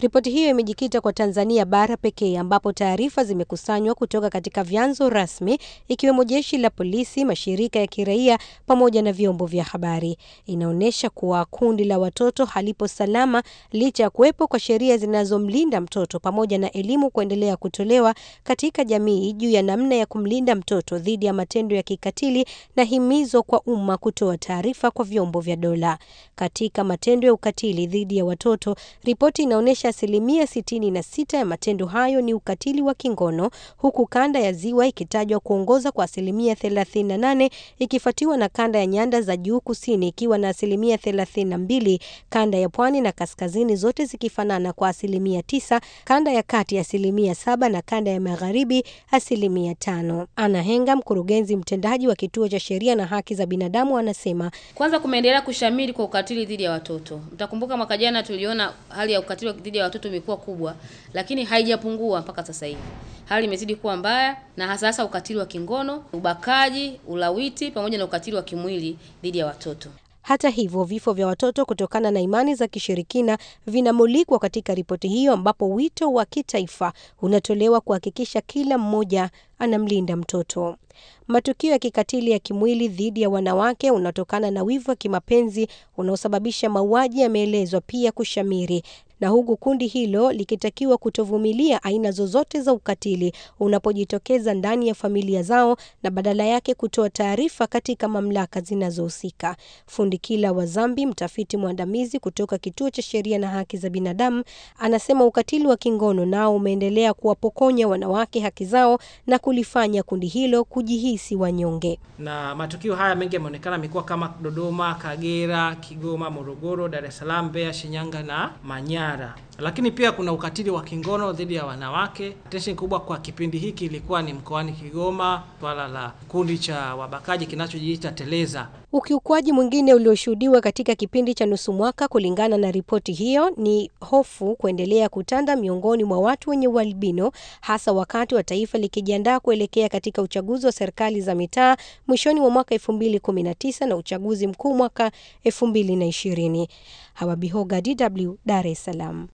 Ripoti hiyo imejikita kwa Tanzania bara pekee ambapo taarifa zimekusanywa kutoka katika vyanzo rasmi ikiwemo jeshi la polisi, mashirika ya kiraia pamoja na vyombo vya habari. Inaonyesha kuwa kundi la watoto halipo salama licha ya kuwepo kwa sheria zinazomlinda mtoto pamoja na elimu kuendelea kutolewa katika jamii juu ya namna ya kumlinda mtoto dhidi ya matendo ya kikatili na himizo kwa umma kutoa taarifa kwa vyombo vya dola. Katika matendo ya ukatili dhidi ya watoto, ripoti inaonyesha asilimia 66 ya matendo hayo ni ukatili wa kingono, huku kanda ya ziwa ikitajwa kuongoza kwa asilimia 38 ikifuatiwa na kanda ya nyanda za juu kusini ikiwa na asilimia 32, kanda ya pwani na kaskazini zote zikifanana kwa asilimia 9, kanda ya kati asilimia 7 na kanda ya magharibi asilimia 5. Ana Henga, mkurugenzi mtendaji wa kituo cha sheria na haki za binadamu, anasema kwanza, kumeendelea kushamiri kwa ukatili dhidi ya watoto. Mtakumbuka mwaka jana tuliona hali ya ukatili dhidi ya watoto imekuwa kubwa, lakini haijapungua mpaka sasa hivi. Hali imezidi kuwa mbaya na hasa hasa ukatili wa kingono, ubakaji, ulawiti pamoja na ukatili wa kimwili dhidi ya watoto. Hata hivyo vifo vya watoto kutokana na imani za kishirikina vinamulikwa katika ripoti hiyo, ambapo wito wa kitaifa unatolewa kuhakikisha kila mmoja anamlinda mtoto. Matukio ya kikatili ya kimwili dhidi ya wanawake unaotokana na wivu wa kimapenzi unaosababisha mauaji yameelezwa pia kushamiri na huku kundi hilo likitakiwa kutovumilia aina zozote za ukatili unapojitokeza ndani ya familia zao na badala yake kutoa taarifa katika mamlaka zinazohusika. Fundikila wa Zambi, mtafiti mwandamizi kutoka Kituo cha Sheria na Haki za Binadamu, anasema ukatili wa kingono nao umeendelea kuwapokonya wanawake haki zao na kulifanya kundi hilo kujihisi wanyonge. Na matukio haya mengi yameonekana mikoa kama Dodoma, Kagera, Kigoma, Morogoro, Dar es Salaam, Mbeya, Shinyanga na Manyara. Lakini pia kuna ukatili wa kingono dhidi ya wanawake. Tension kubwa kwa kipindi hiki ilikuwa ni mkoani Kigoma, swala la kikundi cha wabakaji kinachojiita Teleza. Ukiukwaji mwingine ulioshuhudiwa katika kipindi cha nusu mwaka kulingana na ripoti hiyo ni hofu kuendelea kutanda miongoni mwa watu wenye ualbino, hasa wakati wa taifa likijiandaa kuelekea katika uchaguzi wa serikali za mitaa mwishoni mwa mwaka 2019 na uchaguzi mkuu mwaka 2020. Hawa Bihoga, DW, Dar es Salaam.